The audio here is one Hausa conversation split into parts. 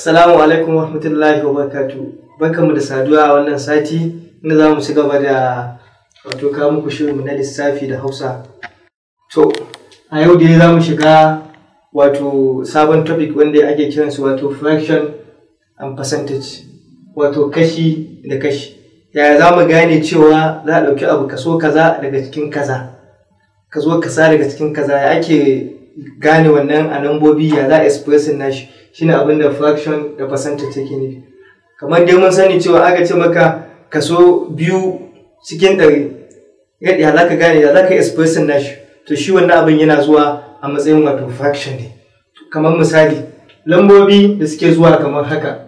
Assalamu alaikum wa rahmatullahi wa barakatu. mu da saduwa a wannan sati inda za mu ci gaba da wato ka muku mu na lissafi da Hausa. To, a yau dai za mu shiga wato sabon topic wanda ake kiransu wato fraction and percentage wato kashi da kashi. Yaya za mu gane cewa za a ɗauki abu kaso kaza daga cikin kaza. Kaso kaza daga cikin kaza ya ake gane wannan a nambobi ya za a expressin nashi. shine abin da fraction da percentage take nufi kamar dai mun sani cewa aka ce maka kaso biyu cikin ɗari ya za ka gane ya za ka na shi to shi wannan abin yana zuwa a matsayin wato fraction ne kamar misali lambobi da suke zuwa kamar haka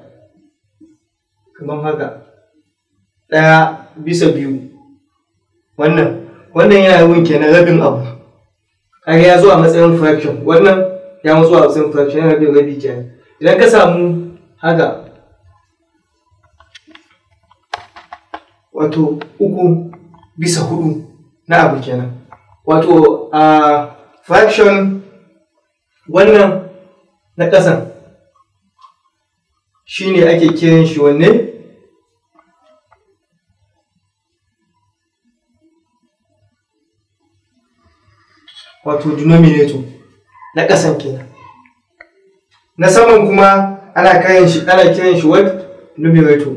kamar haka ɗaya bisa biyu wannan wannan yana yawan kenan rabin abu har ya zuwa matsayin fraction wannan ya mutu a sun fara yana bin rabi kenan idan ka samu haka wato uku bisa hudu na abu kenan wato a fraction wannan na kasan shi ne ake kiran shi wanne wato denominator na ƙasan kenan na saman kuma ana kayan shi ana kiran shi what numerator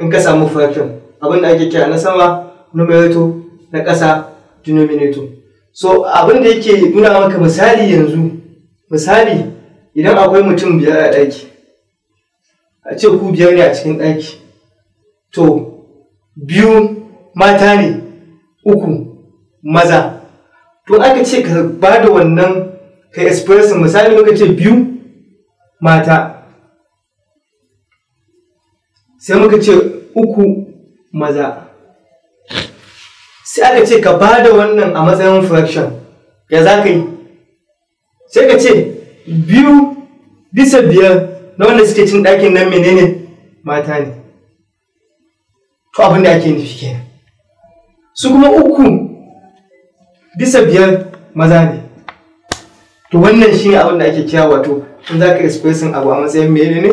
in ka samu fraction abin da ake kira na sama numerator na ƙasa denominator so abin da yake nuna maka misali yanzu misali idan akwai mutum biyar a ɗaki a ce ku biyar ne a cikin ɗaki to biyu mata ne uku maza to aka ce ka ba da wannan ka express misali muka ce biyu mata sai muka ce uku maza sai aka ce ka ba da wannan a matsayin fraction ya za ka yi sai ka ce biyu bisa biyar na wanda suke cin ɗakin nan menene mata ne to abin da ake nufi kenan su kuma uku bisa biyar maza ne to wannan shi abin da ake kira wato in za ka expressing abu a matsayin mene ne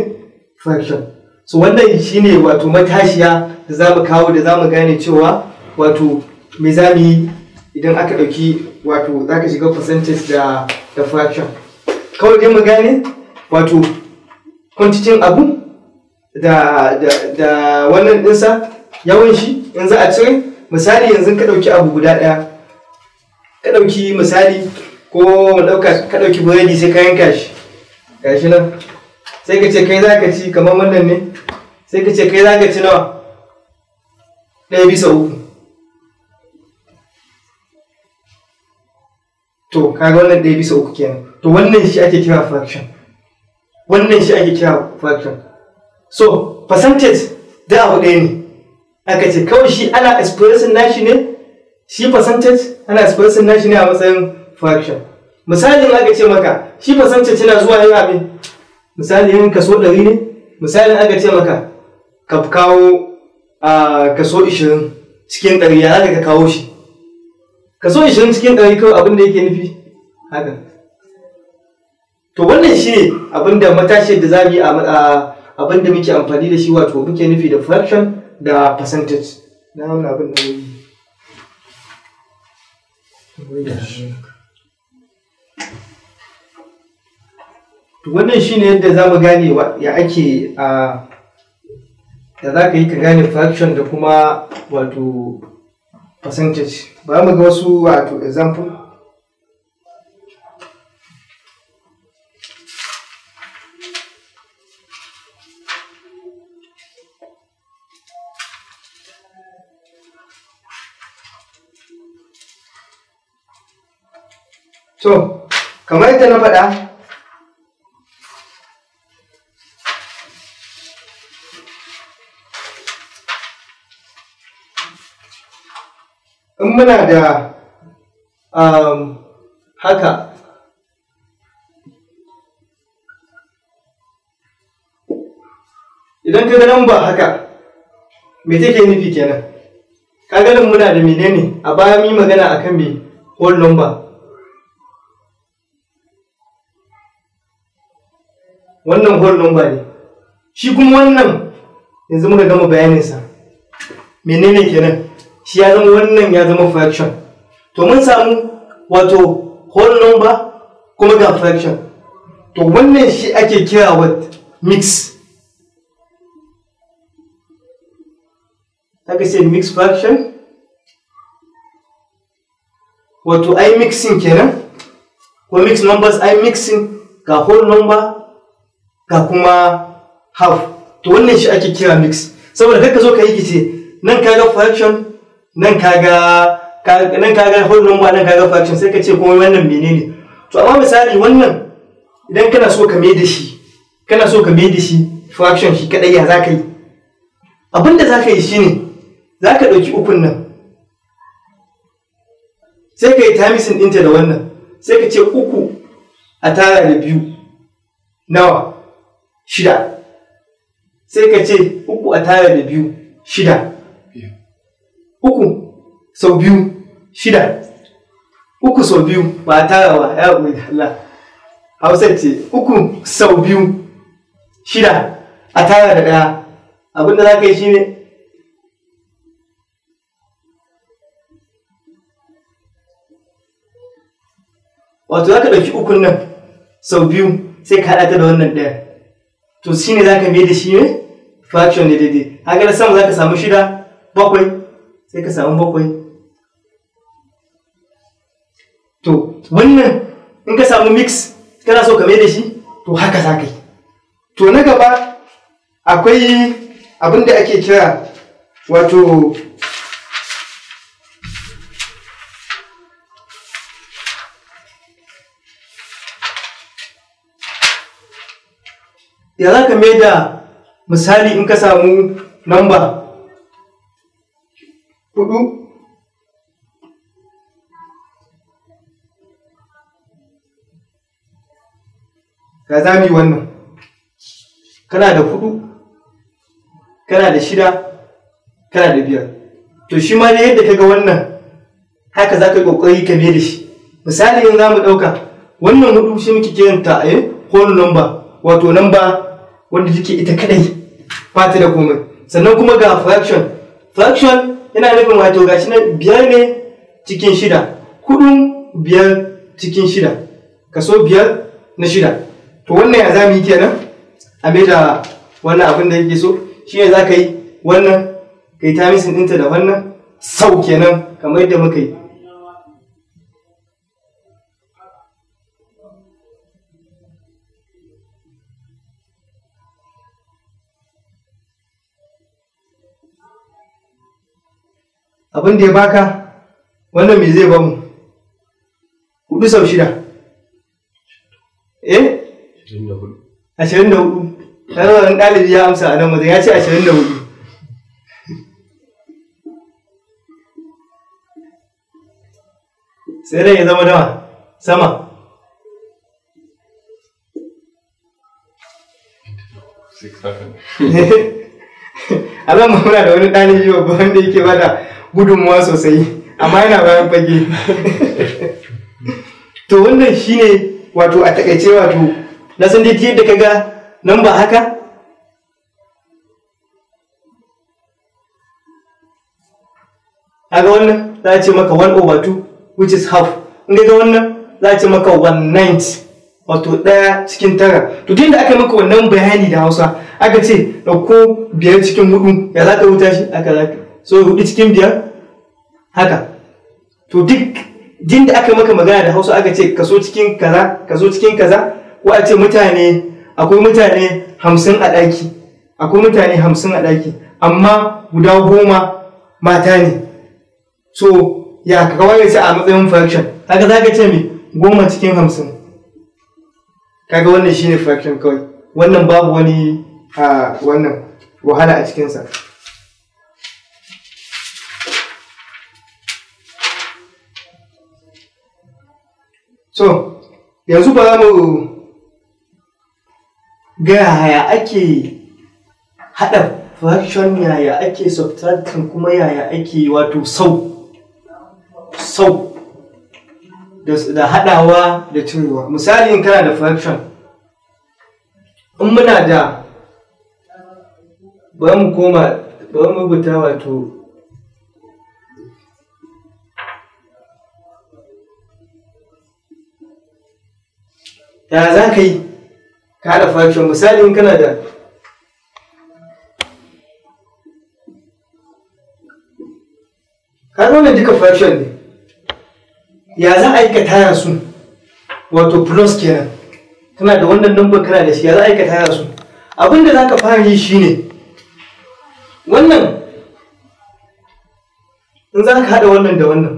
fraction so wannan shi ne wato matashiya da za mu kawo da za mu gane cewa wato me za mu yi idan aka ɗauki wato za ka shiga percentage da da fraction kawai dai mu gane wato kwantitin abu da wannan ɗinsa yawan shi in za a cire misali yanzu ka ɗauki abu guda ɗaya ka ɗauki misali ko ka ɗauki buredi sai ka yanka shi gashi nan sai ka ce kai za ka ci kamar wannan ne sai ka ce kai za ka ci nawa ɗaya bisa uku to kaga wannan ɗaya bisa uku kenan to wannan shi ake kira fraction wannan shi ake kira fraction so percentage da abu ɗaya ne aka ce kawai shi ana expressing nashi ne shi percentage ana expressing nashi ne a matsayin fraction misalin aka ce maka shi percentage yana zuwa yin abin misali yin kaso 100 ne misalin aka ce maka ka kawo a kaso 20 cikin ɗari ya zaka ka kawo shi kaso 20 cikin ɗari kawai abin da yake nufi haka to wannan shi ne abin da matashiyar da za a abin da muke amfani da shi wato muke nufi da fraction da uh, percentage na wannan abin da yi wannan shine yadda za mu gane ya ake uh, a da za ka yi ka gane fraction da kuma wato percentage ba mu ga wasu wato example to kamar yadda na faɗa in muna da um, haka idan ka ga ba haka me take nufi kenan ka ganin muna da menene a baya mu yi magana akan me whole number wannan hol number ne shi kuma wannan yanzu muka gama bayaninsa menene kenan shi ya zama wannan ya zama fraction to mun samu wato whole number kuma ga fraction to wannan shi ake kira what mix aka ce mix fraction wato i mixing kenan ko mix numbers i mixing ga whole number ga kuma half to wannan shi ake kira mix saboda kakka zo ka yi gice nan ka ga fraction nan ka ga nan ka ga whole number nan ka ga fraction sai ka ce kuma wannan menene to amma misali wannan idan kana so ka mai da shi kana so ka mai da shi fraction shi kadai ya za ka yi abinda za ka yi shine za ka ɗauki ukun nan sai ka yi tamisin ɗinta da wannan sai ka ce uku a tara da biyu nawa shida sai ka ce uku a tare da biyu shida uku sau biyu shida uku sau biyu ba tara ba ya ƙuri Allah hausa ce uku sau biyu shida a tara da ɗaya abinda za ka yi shi ne wato za ka ɗauki ukun nan sau biyu sai ka haɗa ta da wannan ɗaya to shi ne za ka biye da shi ne fraction ne daidai haka da sama za ka samu shida bakwai sai ka samu bakwai to wannan in ka samu mix kana so ka mai da shi to haka za ka yi to na gaba akwai abinda da ake kira wato ya za ka mai da misali in ka samu namba hudu ka zami wannan kana da hudu kana da shida kana da biyar to shi ma yadda ka ga wannan haka za ka yi ka mai da shi misali in za mu ɗauka wannan hudu shi muke kiranta a eh, yi whole number wato number wanda take ita kadai ba ta da komai sannan kuma ga fraction fraction yana nufin wato gashi nan biyar ne cikin shida hudu biyar cikin shida kaso biyar na shida to wannan ya zamu yi kenan a mai da wannan abin da yake so shi ne za ka yi wannan ka yi tamisin ɗinta da wannan sau kenan kamar yadda muka yi abin da ya baka wannan me zai bamu hudu sau shida eh ashirin da hudu ɗan ɗalibi ya amsa a nan wajen ya ce ashirin da hudu sai dai ya zama dawa sama alamma muna da wani ɗalibi babban da yake bada gudunmuwa sosai amma yana bayan fage to wannan shine wato a takaice wato na san dai yadda ka ga nan ba haka a ga wannan za a ce maka 1 over 2 which is half in ga wannan za a ce maka 1 ninth wato ɗaya cikin tara to tun da aka maka wannan bayani da hausa aka ce ɗauko biyar cikin hudu ya za ka wuta shi aka za so hudu cikin biyar haka to duk din da aka maka magana da hausa aka ce kaso cikin kaza kaso cikin kaza ko a ce mutane akwai mutane hamsin a ɗaki akwai mutane hamsin a ɗaki amma guda goma mata ne so ya kawai ce a matsayin fraction haka za ka ce mai goma cikin hamsin kaga wannan shine fraction kawai wannan babu wani a ah, wannan wahala a cikinsa so yanzu ba za mu ga yaya ake haɗa fraction yaya ake subtraction kuma yaya ake wato sau sau da haɗawa da cirewa misali in kana da fraction in muna da ba mu koma ba mu rubuta wato ta za ka yi ka haɗa fashon? misali in kana da ka wannan duka fashon ne ya za a aikata ya su wato plus kenan kana da wannan number kana da shi ya za a aikata ya su abinda za ka fara yi shi ne. wannan in za ka haɗa wannan da wannan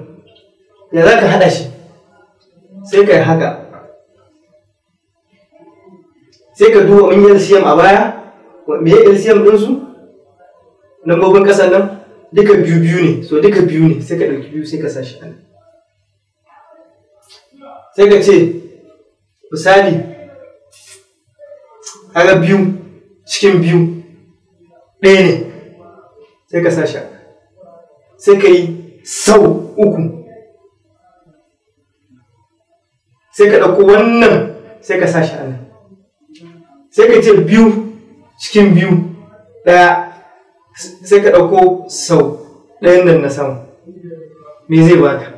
ya za ka haɗa shi sai ka yi haka sai ka duba in LCM a baya me ya LCM na lambobin kasan nan duka biyu biyu ne so duka biyu ne sai ka ɗauki biyu sai ka sa shi a nan sai ka ce misali kaga biyu cikin biyu ɗaya ne sai ka sa shi a sai ka yi sau uku sai ka ɗauko wannan sai ka sa shi a nan sai ka ce biyu cikin biyu ɗaya sai ka ɗauko sau ɗayan nan na sama me zai baka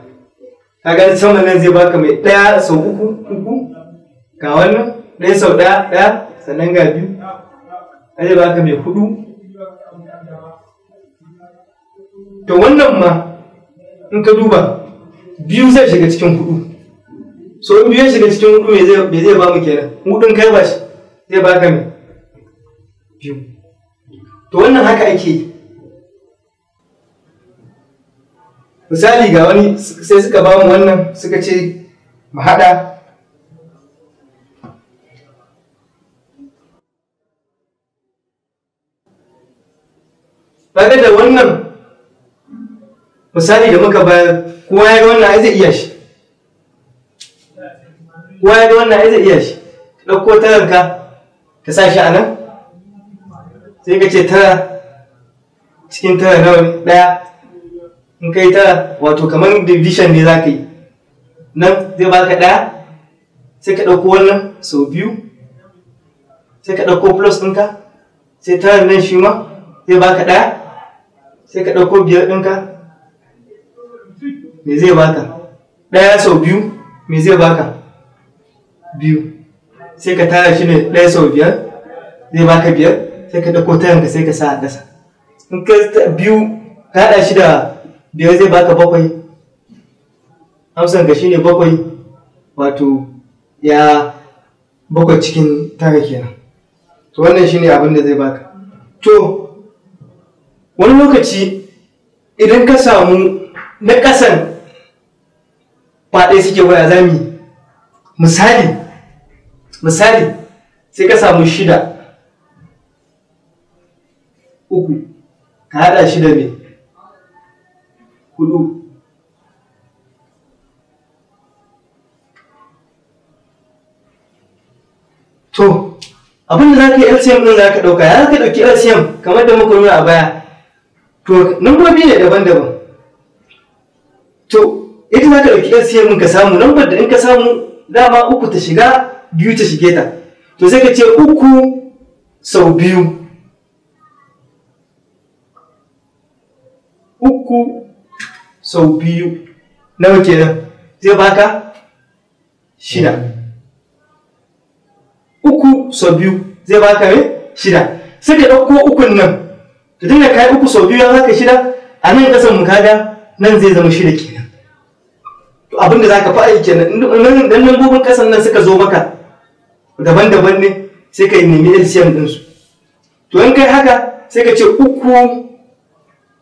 ka gani sama nan zai baka mai ɗaya sau uku uku ga wannan ɗaya sau ɗaya ɗaya sannan ga biyu zai baka mai hudu to wannan ma in ka duba biyu zai shiga cikin hudu so in biyu ya shiga cikin hudu me zai ba mu kenan hudun kai ba shi zai baka mai biyu to wannan haka ake yi misali ga wani sai suka ba mu wannan suka ce mu haɗa kaga da wannan misali da muka bayar kowa ya ga wannan ai zai iya shi kowa ya ga wannan ai zai iya shi ɗauko ka. ka sa shi a nan sai ka ce tara cikin tara nawa daya ɗaya in ka yi tara wato kamar division ne za ka yi nan zai baka ɗaya sai ka ɗauko wannan sau biyu sai ka ɗauko plus ɗinka sai tara nan shi ma zai baka ɗaya sai ka ɗauko biyar ɗinka me zai baka ɗaya sau biyu me zai baka biyu sai ka tara shi ne ɗaya sau biyar zai baka biyar sai ka ɗauko ka sai ka sa a ƙasa in ka biyu ka haɗa shi da biyar zai baka bakwai ga shi ne bakwai wato ya bakwai cikin tara kenan to wannan ne abin da zai baka to wani lokaci idan ka samu na ƙasan faɗe suke waya zami misali misali sai ka samu shida uku ka haɗa shi da me hudu to abinda za ka yi lcm ɗin za ka ɗauka ya za ka ɗauki lcm kamar da muka nuna a baya to nambobi ne daban-daban to ita za ka ɗauki lcm ka samu lambar da in ka samu dama uku ta shiga biyu ta shige ta to sai ka ce uku sau biyu uku sau biyu nawa kenan zai baka shida uku sau biyu zai baka ne shida sai ka ɗauko ukun nan to tun da ka uku sau biyu ya baka shida a nan ƙasan mu kaga nan zai zama shida kenan to abinda za ka fa'a kenan nan lambobin ƙasan nan suka zo maka daban-daban ne sai ka nemi LCM ɗinsu. To in kai haka sai ka ce uku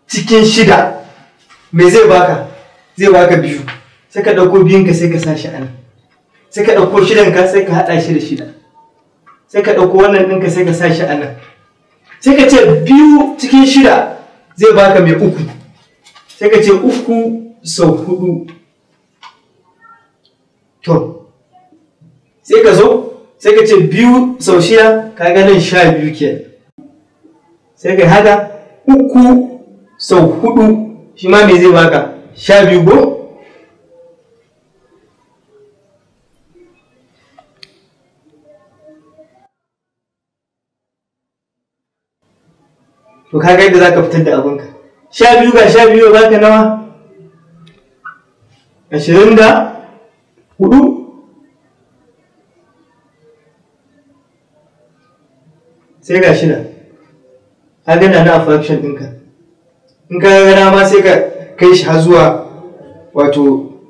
cikin shida me zai baka zai baka biyu sai ka ɗauko biyun ka sai ka sa shi ana. sai ka ɗauko shidan ka sai ka haɗa shi da shida sai ka ɗauko wannan ɗinka sai ka sa shi ana. sai ka ce biyu cikin shida zai baka mai uku sai ka ce uku sau hudu to sai ka zo sai ka ce biyu sau shida ka ganin sha biyu ke sai ka haka uku sau hudu shi ma me zai baka sha biyu ko to ka yadda za ka fitar da abinka sha biyu ga sha biyu ba ka nawa ashirin da hudu sai ga shi nan ka gana na fraction ɗinka in ka gana ma sai ka kai shi har zuwa wato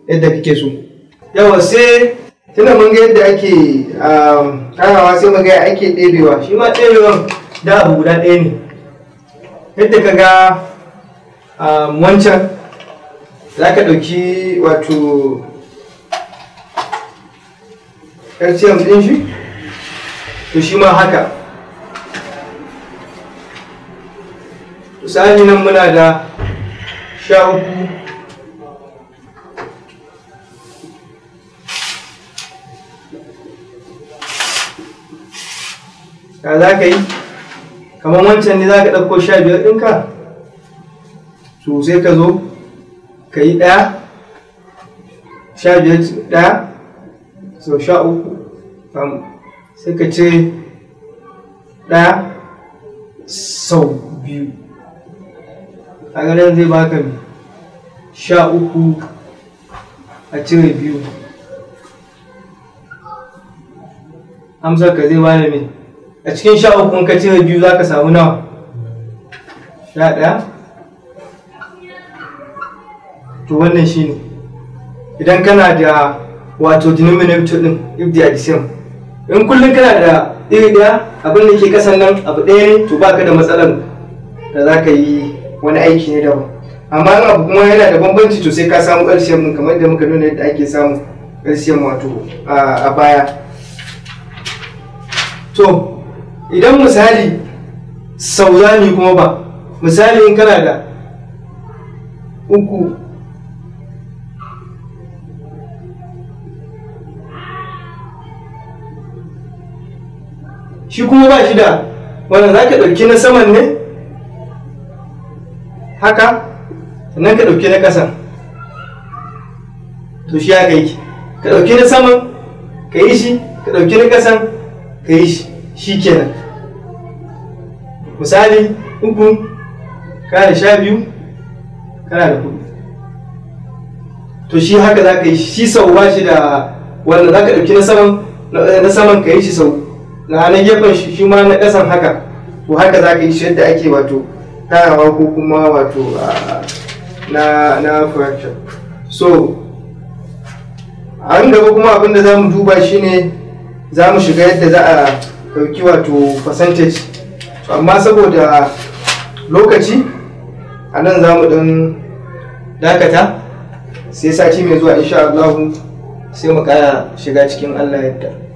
yadda kake so yawa sai tana mun ga yadda ake um, ƙarawa sai mu ga ake ɗebewa shi ma ɗebewan da abu guda ɗaya ne yadda ka ga um, wancan za ka ɗauki wato calcium ɗin shi to shi ma haka misali nan muna da sha uku ka za ka yi kamar wancan ne za ka ɗauko sha biyar ɗinka to sai ka zo ka yi ɗaya sha biyar ɗaya sau sha uku sai ka ce ɗaya sau biyu kaga nan zai baka mai sha uku a cire biyu amsar ka zai bada mai a cikin sha uku ka cire biyu za ka samu nawa sha ɗaya to wannan shi ne. idan kana da wato denominator din if they are the same in kullum kana da iri ɗaya abin da ke kasan nan abu ɗaya ne to baka da matsalar da za ka yi wani aiki ne daban amma in abu kuma yana da bambanci to sai ka samu ƙarshen mun kamar da muka nuna yadda ake samu ƙarshen wato a baya to idan misali ne kuma ba misali in kana da uku shi kuma ba shi da wanda za ka ɗauki na saman ne haka sannan ka ɗauki na ƙasan to shi haka yake ka ɗauki na saman ka yi shi ka ɗauki na ƙasan ka yi shi shi kenan misali uku da sha biyu kana da kuɗi to shi haka za ka yi shi sau ba shi da wanda za ka ɗauki na saman na saman ka yi shi sau na gefen shi ma na ƙasan haka to haka za ka yi shi yadda ake wato tarawa ko kuma wato na na fracture so an gaba kuma abin da za mu duba shine za mu shiga yadda za a ɗauki wato percentage amma saboda lokaci a nan za mu ɗan dakata sai sati mai zuwa insha Allah sai mu kaya shiga cikin Allah yadda